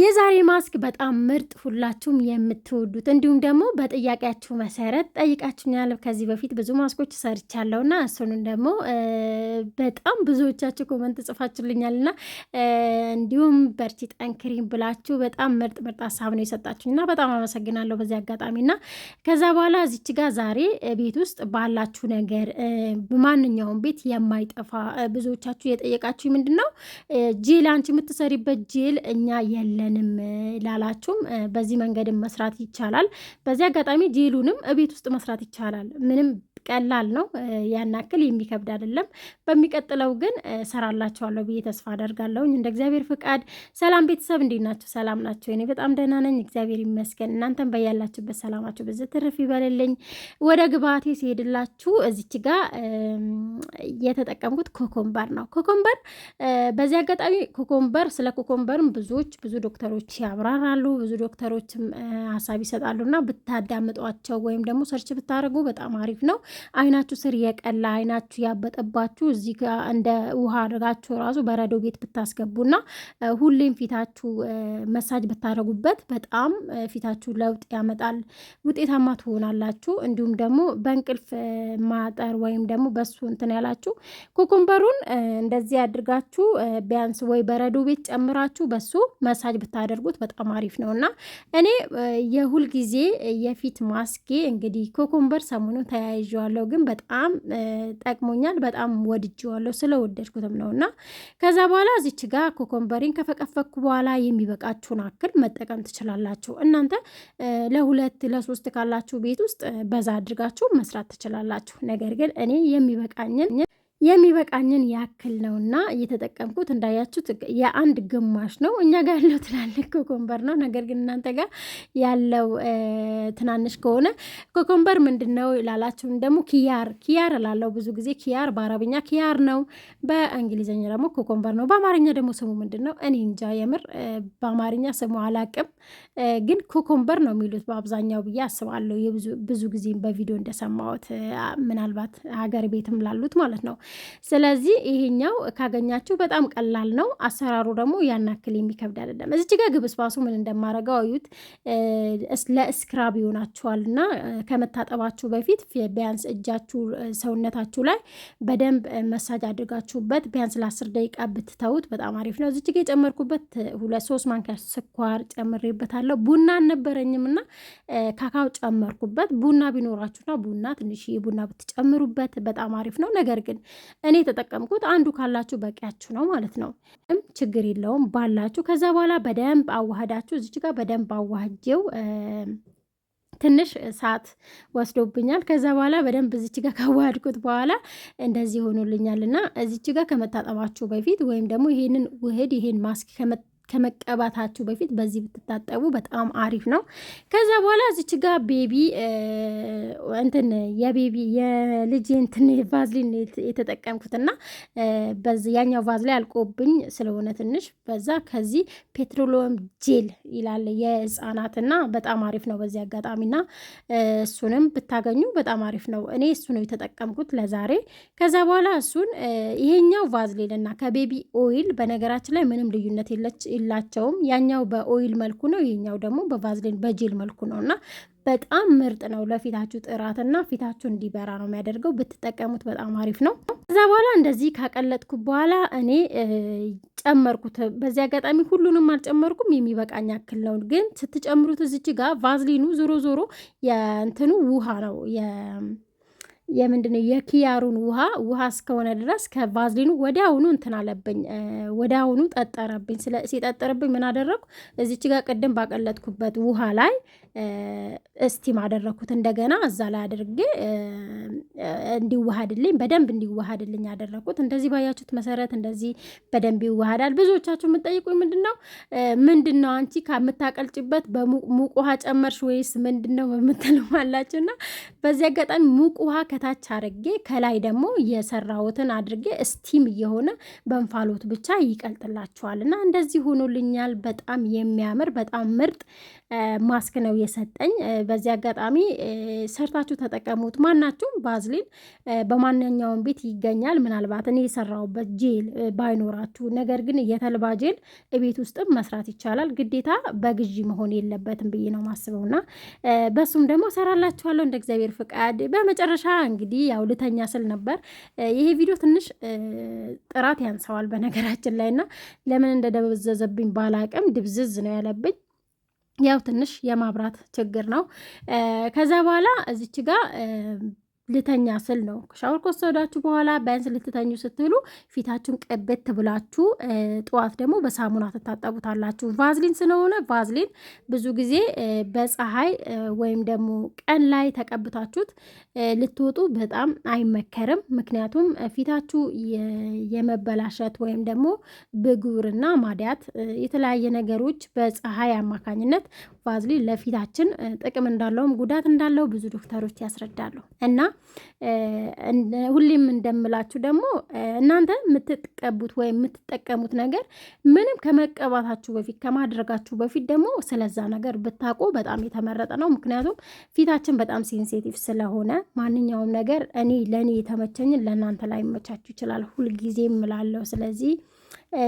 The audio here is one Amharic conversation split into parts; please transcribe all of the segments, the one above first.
የዛሬ ማስክ በጣም ምርጥ ሁላችሁም የምትወዱት እንዲሁም ደግሞ በጥያቄያችሁ መሰረት ጠይቃችሁኛል። ከዚህ በፊት ብዙ ማስኮች ሰርቻለሁና እሱንም ደግሞ በጣም ብዙዎቻችሁ ኮመንት ጽፋችሁልኛልና እንዲሁም በርቺ ጠንክሪም ብላችሁ በጣም ምርጥ ምርጥ ሀሳብ ነው የሰጣችሁኝና በጣም አመሰግናለሁ በዚህ አጋጣሚ አጋጣሚና ከዛ በኋላ እዚች ጋር ዛሬ ቤት ውስጥ ባላችሁ ነገር በማንኛውም ቤት የማይጠፋ ብዙዎቻችሁ የጠየቃችሁ ምንድን ነው ጄል አንቺ የምትሰሪበት ጄል እኛ የለ የለንም ላላችሁም በዚህ መንገድም መስራት ይቻላል። በዚህ አጋጣሚ ጄሉንም እቤት ውስጥ መስራት ይቻላል ምንም ቀላል ነው። ያን አክል የሚከብድ አይደለም። በሚቀጥለው ግን ሰራላቸዋለሁ ብዬ ተስፋ አደርጋለሁኝ እንደ እግዚአብሔር ፍቃድ። ሰላም ቤተሰብ፣ እንዴት ናቸው? ሰላም ናቸው? እኔ በጣም ደህና ነኝ፣ እግዚአብሔር ይመስገን። እናንተም በያላችሁበት ሰላማችሁ ብዙ ትርፍ ይበልልኝ። ወደ ግብአቴ ሲሄድላችሁ እዚች ጋ የተጠቀምኩት ኮኮምበር ነው። ኮኮምበር በዚህ አጋጣሚ ኮኮምበር፣ ስለ ኮኮምበርም ብዙዎች ብዙ ዶክተሮች ያብራራሉ፣ ብዙ ዶክተሮችም ሀሳብ ይሰጣሉና ብታዳምጧቸው ወይም ደግሞ ሰርች ብታደርጉ በጣም አሪፍ ነው። አይናችሁ ስር የቀላ አይናችሁ ያበጠባችሁ እዚህ እንደ ውሃ አድርጋችሁ ራሱ በረዶ ቤት ብታስገቡና ሁሌም ፊታችሁ መሳጅ ብታደረጉበት በጣም ፊታችሁ ለውጥ ያመጣል፣ ውጤታማ ትሆናላችሁ። እንዲሁም ደግሞ በእንቅልፍ ማጠር ወይም ደግሞ በሱ እንትን ያላችሁ ኩኩምበሩን እንደዚህ አድርጋችሁ ቢያንስ ወይ በረዶ ቤት ጨምራችሁ በሱ መሳጅ ብታደርጉት በጣም አሪፍ ነው እና እኔ የሁልጊዜ የፊት ማስጌ እንግዲህ ኩኩምበር ሰሞኑን ተያይዣ እችላለሁ፣ ግን በጣም ጠቅሞኛል። በጣም ወድጄዋለሁ። ስለወደድኩትም ነው እና ከዛ በኋላ እዚች ጋር ኮኮምበሪን ከፈቀፈኩ በኋላ የሚበቃችሁን አክል መጠቀም ትችላላችሁ። እናንተ ለሁለት ለሶስት ካላችሁ ቤት ውስጥ በዛ አድርጋችሁ መስራት ትችላላችሁ። ነገር ግን እኔ የሚበቃኝን የሚበቃኝን ያክል ነውና እየተጠቀምኩት እንዳያችሁት የአንድ ግማሽ ነው። እኛ ጋር ያለው ትላልቅ ኮኮምበር ነው። ነገር ግን እናንተ ጋር ያለው ትናንሽ ከሆነ ኮኮምበር ምንድን ነው ላላችሁም ደግሞ ኪያር ኪያር ላለው ብዙ ጊዜ ኪያር በአረብኛ ኪያር ነው፣ በእንግሊዝኛ ደግሞ ኮኮምበር ነው። በአማርኛ ደግሞ ስሙ ምንድን ነው? እኔ እንጃ የምር በአማርኛ ስሙ አላቅም፣ ግን ኮኮምበር ነው የሚሉት በአብዛኛው ብዬ አስባለሁ። ብዙ ጊዜ በቪዲዮ እንደሰማሁት ምናልባት ሀገር ቤትም ላሉት ማለት ነው ስለዚህ ይሄኛው ካገኛችሁ በጣም ቀላል ነው። አሰራሩ ደግሞ ያን ክል የሚከብድ አይደለም። እዚች ጋር ግብስባሱ ምን እንደማረገው አዩት። ለስክራብ ይሆናችኋል እና ከመታጠባችሁ በፊት ቢያንስ እጃችሁ ሰውነታችሁ ላይ በደንብ መሳጅ አድርጋችሁበት ቢያንስ ለአስር ደቂቃ ብትተውት በጣም አሪፍ ነው። እዚች የጨመርኩበት ሁለት ሶስት ማንኪያ ስኳር ጨምሬበታለሁ። ቡና አልነበረኝም እና ካካው ጨመርኩበት። ቡና ቢኖራችሁና ቡና ትንሽ ቡና ብትጨምሩበት በጣም አሪፍ ነው። ነገር ግን እኔ የተጠቀምኩት አንዱ ካላችሁ በቂያችሁ ነው ማለት ነው። ችግር የለውም ባላችሁ። ከዛ በኋላ በደንብ አዋህዳችሁ እዚች ጋር በደንብ አዋህጄው ትንሽ ሰዓት ወስዶብኛል። ከዛ በኋላ በደንብ እዚች ጋር ካዋሃድኩት በኋላ እንደዚህ ሆኖልኛል እና እዚች ጋር ከመታጠባችሁ በፊት ወይም ደግሞ ይሄንን ውህድ ይሄን ማስክ ከመቀባታችሁ በፊት በዚህ ብትታጠቡ በጣም አሪፍ ነው። ከዛ በኋላ እዚች ጋ ቤቢ እንትን የቤቢ የልጅ እንትን ቫዝሊን የተጠቀምኩትና ያኛው ቫዝሊ አልቆብኝ ስለሆነ ትንሽ በዛ ከዚህ ፔትሮሎም ጄል ይላል የህፃናትና በጣም አሪፍ ነው። በዚህ አጋጣሚና እሱንም ብታገኙ በጣም አሪፍ ነው። እኔ እሱ ነው የተጠቀምኩት ለዛሬ። ከዛ በኋላ እሱን ይሄኛው ቫዝሊንና ከቤቢ ኦይል በነገራችን ላይ ምንም ልዩነት የለች የላቸውም። ያኛው በኦይል መልኩ ነው፣ ይኛው ደግሞ በቫዝሊን በጄል መልኩ ነው እና በጣም ምርጥ ነው ለፊታችሁ ጥራትና ፊታችሁ እንዲበራ ነው የሚያደርገው። ብትጠቀሙት በጣም አሪፍ ነው። ከዛ በኋላ እንደዚህ ካቀለጥኩ በኋላ እኔ ጨመርኩት። በዚህ አጋጣሚ ሁሉንም አልጨመርኩም፣ የሚበቃኝ ያክል ነው። ግን ስትጨምሩት እዚች ጋር ቫዝሊኑ ዞሮ ዞሮ የእንትኑ ውሃ ነው የምንድነው የኪያሩን ውሃ ውሃ እስከሆነ ድረስ ከቫዝሊኑ ወዲያውኑ እንትን አለብኝ፣ ወዲያውኑ ጠጠረብኝ። ሲጠጠርብኝ ምን አደረግኩ? እዚች ጋር ቅድም ባቀለጥኩበት ውሃ ላይ እስቲም አደረግኩት። እንደገና እዛ ላይ አድርጌ እንዲዋሃድልኝ በደንብ እንዲዋሃድልኝ ያደረኩት። እንደዚህ ባያችሁት መሰረት እንደዚህ በደንብ ይዋሃዳል። ብዙዎቻችሁ የምጠይቁ ምንድን ነው ምንድን ነው አንቺ ከምታቀልጭበት በሙቅ ውሃ ጨመርሽ ወይስ ምንድን ነው በምትልም እና በዚህ አጋጣሚ ሙቅ ውሃ ከታች አድርጌ ከላይ ደግሞ የሰራሁትን አድርጌ ስቲም እየሆነ በእንፋሎት ብቻ ይቀልጥላችኋል እና እንደዚህ ሆኖልኛል። በጣም የሚያምር በጣም ምርጥ ማስክ ነው የሰጠኝ። በዚህ አጋጣሚ ሰርታችሁ ተጠቀሙት። ማናችሁም ባዝሊን በማንኛውም ቤት ይገኛል። ምናልባት እኔ የሰራሁበት ጄል ባይኖራችሁ፣ ነገር ግን የተልባ ጄል ቤት ውስጥም መስራት ይቻላል። ግዴታ በግዢ መሆን የለበትም ብዬ ነው ማስበውና በሱም ደግሞ ሰራላችኋለሁ እንደ እግዚአብሔር ፍቃድ። በመጨረሻ እንግዲህ ያው ልተኛ ስል ነበር። ይሄ ቪዲዮ ትንሽ ጥራት ያንሰዋል በነገራችን ላይ እና ለምን እንደደበዘዘብኝ ባላቅም ድብዝዝ ነው ያለብኝ። ያው ትንሽ የማብራት ችግር ነው። ከዛ በኋላ እዚች ጋር ልተኛ ስል ነው። ሻወር ከወሰዳችሁ በኋላ ቢያንስ ልትተኙ ስትሉ ፊታችሁን ቀበት ብላችሁ ጠዋት ደግሞ በሳሙና ትታጠቡታላችሁ። ቫዝሊን ስለሆነ ቫዝሊን ብዙ ጊዜ በፀሐይ ወይም ደግሞ ቀን ላይ ተቀብታችሁት ልትወጡ በጣም አይመከርም። ምክንያቱም ፊታችሁ የመበላሸት ወይም ደግሞ ብጉርና ማዲያት የተለያየ ነገሮች በፀሐይ አማካኝነት ቫዝሊን ለፊታችን ጥቅም እንዳለውም ጉዳት እንዳለው ብዙ ዶክተሮች ያስረዳሉ እና ሁሌም እንደምላችሁ ደግሞ እናንተ የምትቀቡት ወይም የምትጠቀሙት ነገር ምንም ከመቀባታችሁ በፊት ከማድረጋችሁ በፊት ደግሞ ስለዛ ነገር ብታውቁ በጣም የተመረጠ ነው። ምክንያቱም ፊታችን በጣም ሴንሴቲቭ ስለሆነ ማንኛውም ነገር እኔ ለእኔ የተመቸኝን ለእናንተ መቻችሁ ይችላል። ሁልጊዜ ምላለው ስለዚህ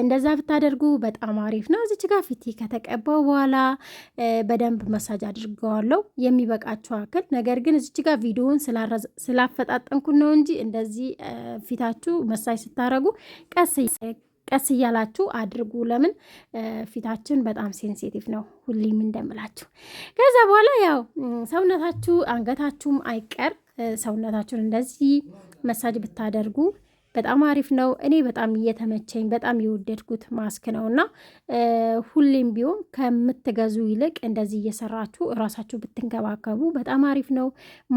እንደዛ ብታደርጉ በጣም አሪፍ ነው። እዚች ጋር ፊቴ ከተቀባው በኋላ በደንብ መሳጅ አድርገዋለሁ የሚበቃችሁ አክል። ነገር ግን እዚች ጋር ቪዲዮውን ስላፈጣጠንኩ ነው እንጂ እንደዚህ ፊታችሁ መሳጅ ስታደረጉ ቀስ ቀስ እያላችሁ አድርጉ። ለምን ፊታችን በጣም ሴንሲቲቭ ነው፣ ሁሌም እንደምላችሁ። ከዛ በኋላ ያው ሰውነታችሁ አንገታችሁም አይቀር ሰውነታችሁን እንደዚህ መሳጅ ብታደርጉ በጣም አሪፍ ነው። እኔ በጣም እየተመቸኝ በጣም የወደድኩት ማስክ ነው እና ሁሌም ቢሆን ከምትገዙ ይልቅ እንደዚህ እየሰራችሁ እራሳችሁ ብትንከባከቡ በጣም አሪፍ ነው።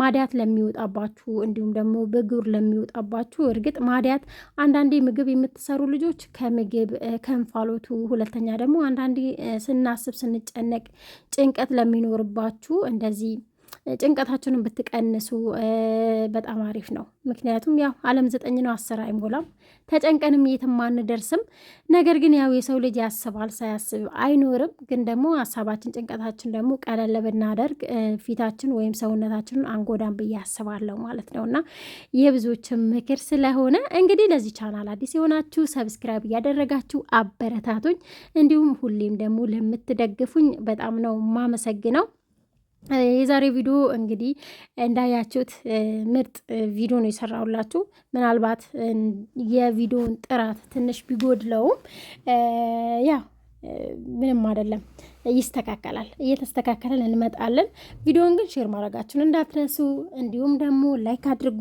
ማዲያት ለሚወጣባችሁ እንዲሁም ደግሞ ብጉር ለሚወጣባችሁ፣ እርግጥ ማዲያት አንዳንዴ ምግብ የምትሰሩ ልጆች ከምግብ ከእንፋሎቱ፣ ሁለተኛ ደግሞ አንዳንዴ ስናስብ ስንጨነቅ ጭንቀት ለሚኖርባችሁ እንደዚህ ጭንቀታችሁንም ብትቀንሱ በጣም አሪፍ ነው። ምክንያቱም ያው ዓለም ዘጠኝ ነው፣ አስር አይሞላም። ተጨንቀንም የትም አንደርስም። ነገር ግን ያው የሰው ልጅ ያስባል፣ ሳያስብ አይኖርም። ግን ደግሞ ሀሳባችን፣ ጭንቀታችን ደግሞ ቀለል ብናደርግ ፊታችን ወይም ሰውነታችንን አንጎዳን ብዬ አስባለሁ ማለት ነው እና የብዙዎችን ምክር ስለሆነ እንግዲህ ለዚህ ቻናል አዲስ የሆናችሁ ሰብስክራይብ እያደረጋችሁ አበረታቱኝ። እንዲሁም ሁሌም ደግሞ ለምትደግፉኝ በጣም ነው ማመሰግነው። የዛሬ ቪዲዮ እንግዲህ እንዳያችሁት ምርጥ ቪዲዮ ነው የሰራሁላችሁ። ምናልባት የቪዲዮውን ጥራት ትንሽ ቢጎድለውም ያው ምንም አይደለም፣ ይስተካከላል። እየተስተካከለን እንመጣለን። ቪዲዮውን ግን ሼር ማድረጋችሁን እንዳትረሱ፣ እንዲሁም ደግሞ ላይክ አድርጉ፣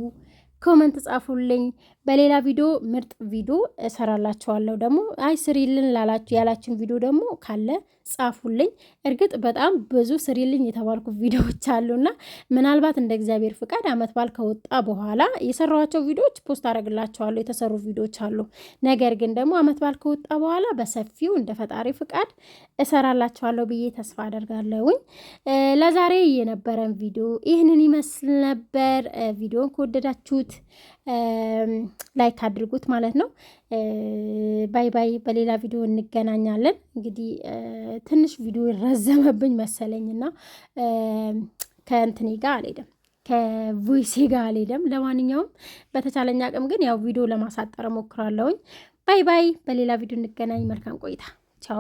ኮመንት ጻፉልኝ። በሌላ ቪዲዮ ምርጥ ቪዲዮ እሰራላችኋለሁ። ደግሞ አይ ስሪልን ያላችሁን ቪዲዮ ደግሞ ካለ ጻፉልኝ። እርግጥ በጣም ብዙ ስሪልኝ የተባልኩ ቪዲዮዎች አሉና ምናልባት እንደ እግዚአብሔር ፍቃድ አመት በዓል ከወጣ በኋላ የሰራኋቸው ቪዲዮዎች ፖስት አደረግላችኋለሁ። የተሰሩ ቪዲዮዎች አሉ። ነገር ግን ደግሞ አመት በዓል ከወጣ በኋላ በሰፊው እንደ ፈጣሪ ፍቃድ እሰራላችኋለሁ ብዬ ተስፋ አደርጋለሁኝ። ለዛሬ የነበረን ቪዲዮ ይህንን ይመስል ነበር። ቪዲዮን ከወደዳችሁት ላይክ አድርጉት ማለት ነው። ባይ ባይ። በሌላ ቪዲዮ እንገናኛለን። እንግዲህ ትንሽ ቪዲዮ ረዘመብኝ መሰለኝና ከእንትኔ ጋር አልሄደም ከቮይሴ ጋር አልሄደም። ለማንኛውም በተቻለኝ አቅም ግን ያው ቪዲዮ ለማሳጠር ሞክራለሁኝ። ባይ ባይ። በሌላ ቪዲዮ እንገናኝ። መልካም ቆይታ። ቻው